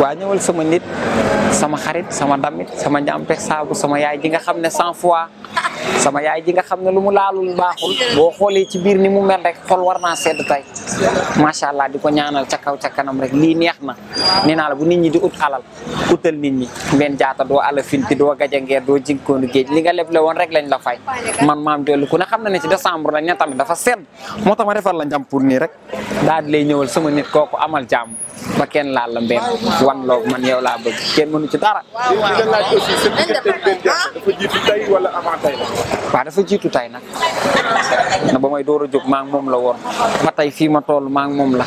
waa ñëwal sama nit sama xarit sama ndamit sama njàmpe saabu sama yaay ji nga xam ne cent fois sama yaay ji nga xam ne lu mu laalul baaxul boo xoolee ci biir ni mu mel rek xool war naa sedd tey macha allah di ko ñaanal ca kaw ca kanam rek lii neex na nee naa la bu nit ñi di ut alal utal nit ñi benn jaata doo ala finti doo gajangeer doo jikkoonu géej li nga leble woon rek lañ la fay man maam dellu ku ne xam na ne ci décembre lañ ne tamit dafa sedd moo tax ma defal la njàm pour nii rek daal di lay sama nit kooku amal jàmm ba kenn laal la mbenn wan loog man yow laa bëgg kenn mënu ci dara. waaw waaw waaw ah. dafa jiitu tey wala waaw dafa jiitu tay nag na ba may door a jóg maa ngi la woon ma tey fii ma toll maa ngi moom la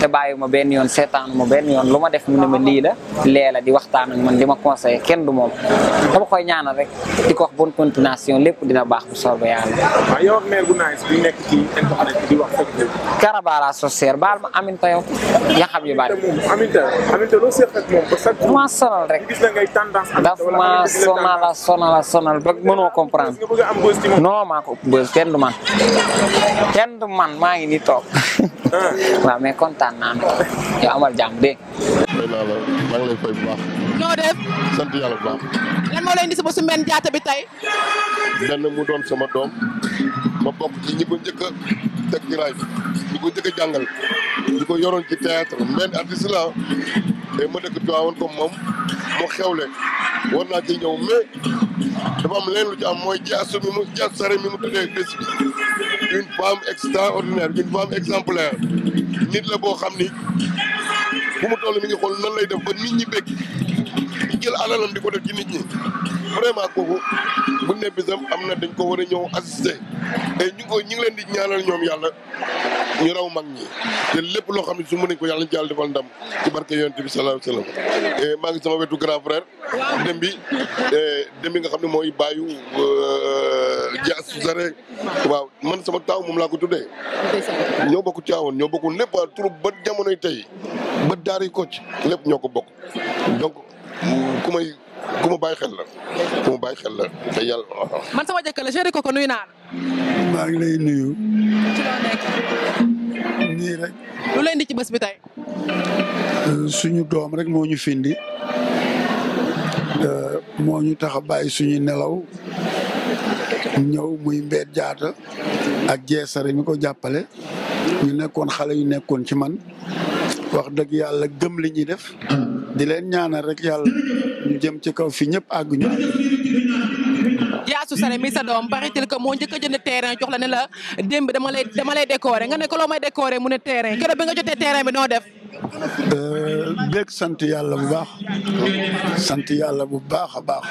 te bàyyi ma benn yoon seetaan ma benn yoon lu ma def mu ne ma lii la la di waxtaan ak man di ma conseillé kenn du moom dama koy ñaana rek di ko wax bonne continuation lépp dina baax bu soobee yàlla. waaw yow ak maire ma aminta yow yaa xam yu bari. aminta sonal rek. daf ma sonal sonal sonal ba mënoo comprendre. bës ci moom. non bës kenn du man kenn du man maa ngi nii toog. waaw mais kontaan naa nag yow amal jàmm dégg fay naa la maa ngi lay fay bu baax. noo def. sant yàlla baax. lan moo lay indi si bésu Mbène Diatta bi tey. benn mu doon sama doom ma bokk ci ñi ko njëkk a teg ci raay bi ko njëkk a jàngal ko yoroon ci théâtre Mbène artiste la te ma dëkk Tivaouane comme moom moo xewle war naa ci ñëw mais. dafa am leen lu ci am mooy jaasu bi mu jaas sare mi mu tuddee Christ une femme extraordinaire une femme exemplaire nit la boo xam ni bu mu toll mi ngi xool nan lay def ba nit ñi bëgg jël alalam di ko def ci nit ñi vraiment kooku bu ne bisam am na dañ ko war a ñëw assister te ñu ngi ko ñu ngi leen di ñaanal ñoom yàlla ñu raw mag ñi te lépp loo xam ne su mën nañ ko yàlla ñu yàlla defal ndam ci barke yonent bi sallallahu alayhi wa wetu grand frère dem bi dem bi nga xam ne mooy bàyyu ja euh, sare waaw man sama taaw moom laa ko tuddee ñoo bokk caawoon ñoo bokk lépp waa turu ba jamonoy tey ba daari ko ci lépp ñoo ko bokk donc ku may ku ma bàyyi xel la ku la te yàlla. man sama jëkkër la chéri Coco nuyu naa la. maa ngi lay nuyu. nii rek. lu leen di ci bés suñu doom rek moo ñu findi moo ñu tax a bàyyi suñu nelaw ñëw muy mbeet jaata ak jeesare mi ko jàppale ñu nekkoon xale yu nekkoon ci man wax dëgg yàlla gëm li ñuy def di leen ñaanal rek yàlla. jëm ci kaw fi ñëpp àgg ñu Yaasu Sane mi sa doom paraît-il que moo njëkk a jënd terrain jox la ne la démb dama lay dama lay décorer nga ne ko loo may décorer mu ne terrain keroog bi nga jotee terrain bi noo euh, sant yàlla bu baax sant yàlla bu baax a baax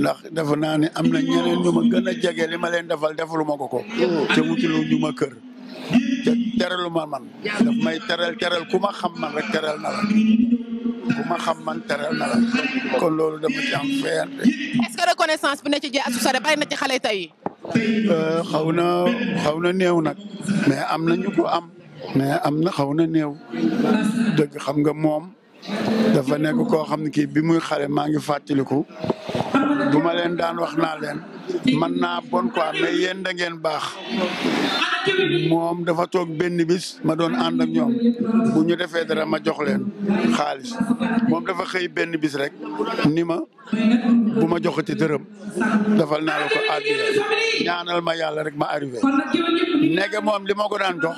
ndax defe naa ne am na ñeneen ñu ma gën a jege li ma leen defal defaluma ko ko te wutulu ñu ma kër. te teralu ma man may teral teral ku ma xam man rek teral na ku ma xam man teral na la kon loolu dama ci am fierté. est-ce que reconnaissance bi na ci Dieng Astou Sare bari na ci xale tey euh, xaw na xaw na néew nag mais am na ñu ko am mais am na xaw na néew dëgg xam nga moom dafa nekk koo xam ne kii bi muy xale maa ngi fàttaliku bu ma leen daan wax naa leen man naa bon quoi mais yéen da ngeen baax moom dafa toog benn bis ma doon ànd ak ñoom bu ñu defee dara ma jox leen xaalis moom dafa xëy benn bis rek ni ma bu ma joxati dërëm dafal naa la ko àddiya ñaanal ma yàlla rek ma arrivé nege moom li ma ko daan jox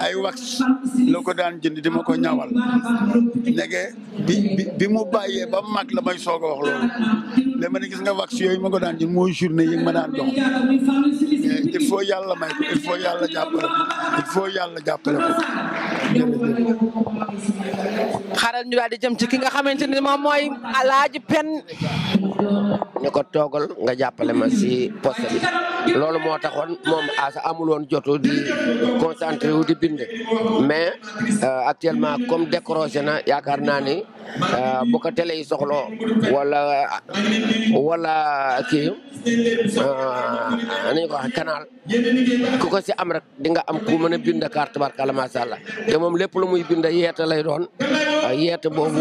ay wax la ko daan jënd di ma ko ñawal nege bi bi mu bàyyee ba mag la may soog a wax loolu léegi ma ne gis nga wax yooyu ma ko daan jënd mooy journée yi ma daan jox il faut yàlla may ko il faut yàlla jàppale ko il faut yàlla jàppale ñu daal di jëm ci ki nga xamante ni moom mooy alaaji pen ñu ko toogal nga jàppale ma si poste bi loolu moo taxoon moom a sa amul woon jotu di concentré wu di bind mais euh, actuellement comme décroché na yaakaar naa ni euh, bu ko télé yi soxloo wala wala kii euh, nañu ko wax canal ku ko si am rek di nga am ku mën a bind carte barkala macha allah te moom lépp lu muy bind yeete lay doon Euh, yeete boobu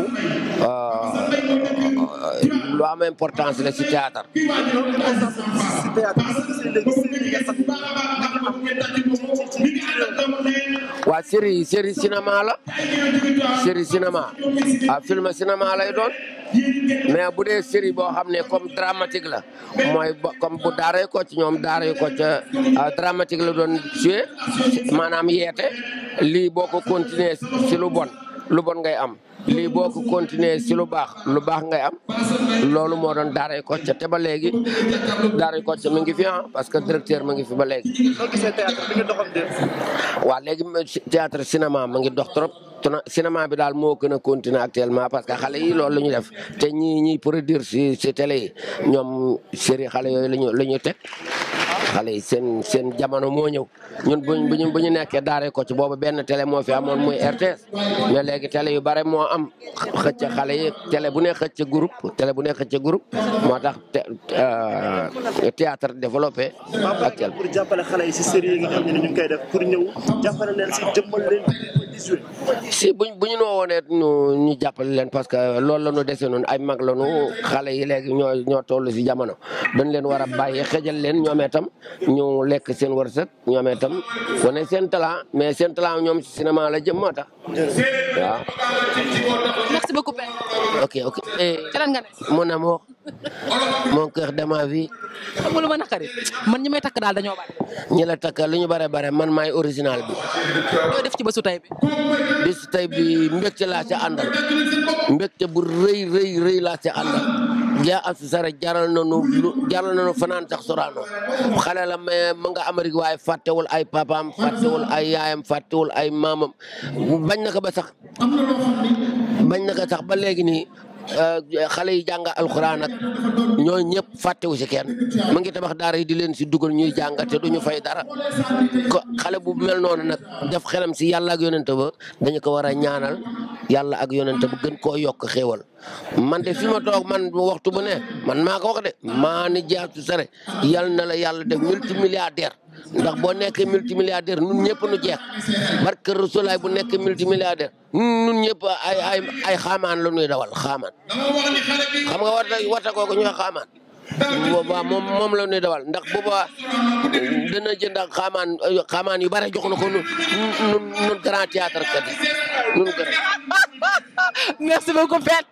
euh, lu am importance la ci théâtre waa série série cinéma la série cinéma a ah, film cinéma lay doon mais bu dee série boo xam ne comme dramatique la mooy comme bu daaree ko ñoom daaree ko ca ah, dramatique la doon joué maanaam yeete lii boo ko continuer ci lu bon lu bon ngay am lii boo ko continuer si lu baax lu baax ngay am loolu moo doon daaray Kocc te ba léegi daaray Kocc mi ngi fi ah parce que directeur ma ngi fi ba léegi. soo gisee théâtre bi nga doxam waaw léegi ma ngi dox trop. cinéma bi daal moo gën a continuer actuellement parce que xale yi loolu la ñu def te ñii ñiy produire si si télé yi ñoom série xale yooyu la ñu la teg. xale yi seen seen jamono moo ñëw ñun buñ buñu bu ñu nekkee daare ko ci boobu benn télé moo fi amoon muy RTS mais léegi télé yu bare moo am xëcc xale yi télé bu ne xëcc groupe tele bu ne xëcc groupe moo tax euh, théâtre développé actuellement pour jàppale si buñ bu ñu noo woonee ñu ñu leen parce que loolu la ñu dese noonu ay mag la ñu xale yi léegi ñoo ñoo toll si jamono dañ leen war a bàyyi xëjal leen ñoomee tam ñu lekk seen wërsëg ñoomee tam wane seen talent mais seen talent ñoom si cinéma la jëm moo tax ok ok. ci ne. mun mon cœur de ma man ñi may takk daal dañoo ñi la takk lu ñu bare bare man may original bi. ñoo def ci bésu tey bi. bésu tey bi mbégte laa ci àndal mbégte bu rëy rëy rëy laa ca àndal. jaa asu sare jaral nañu lu jaral nañu fanaan sax soraano xale la mais ma nga Amérique waaye fàttewul ay papaam fàttewul ay yaayam fàttewul ay maamam bañ na ko ba sax bañ na ko sax ba léegi nii Euh, xale yi jàng alxuraan ak ñoo ñëpp fàttewu si kenn mu ngi tabax daara yi di leen si dugal ñuy jàng te duñu fay dara ko xale bu mel noonu nag def xelam si yàlla ak yonente ba dañu ko war a ñaanal yàlla ak yonente ba gën koo yokk xéewal man de fi ma toog man waxtu bu ne man maa ko wax de maa ni jaatu sare yal na la yàlla def multimilliardaire ndax boo nekk multimilliardaire nun ñëpp nu jeex barke Rasulaay bu nekk multimilliardaire nun ñëpp ay xaamaan la ñuy dawal xaamaan. xam nga warta warta xaamaan. waaw moom moom la ñuy dawal ndax booba dana jënd ak xaamaan xaamaan yu bare jox na ko nun nun grand théâtre kat merci beaucoup Pet.